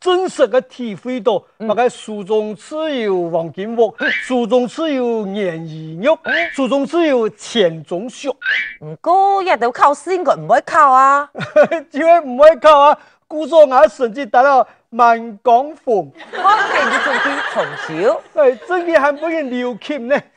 真實嘅體會到，那個書中自有黃金屋，書中自有顏、嗯、如玉，書中自有千鍾粟。唔過，也得靠心嘅，唔會靠啊。只會唔會靠啊？故作雅士，只達到滿江紅。我跟你講，從小，哎、欸，真的還不用留情呢。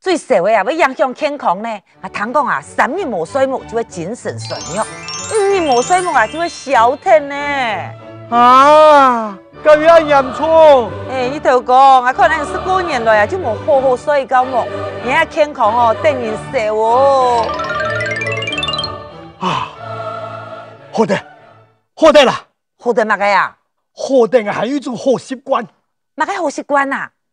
最社會啊，要影響健康呢。啊，唐公啊，三年無睡目就會精神衰弱，五年無睡目啊就會消停呢。啊，咁樣也唔錯。哎、欸，你頭講啊，可能十過年來啊，就冇好好睡個目，而且健康哦、喔，等於衰哦。啊，好得，好得了，好得乜嘢呀？好得啊，還有一種好習慣。乜嘢好習慣啊？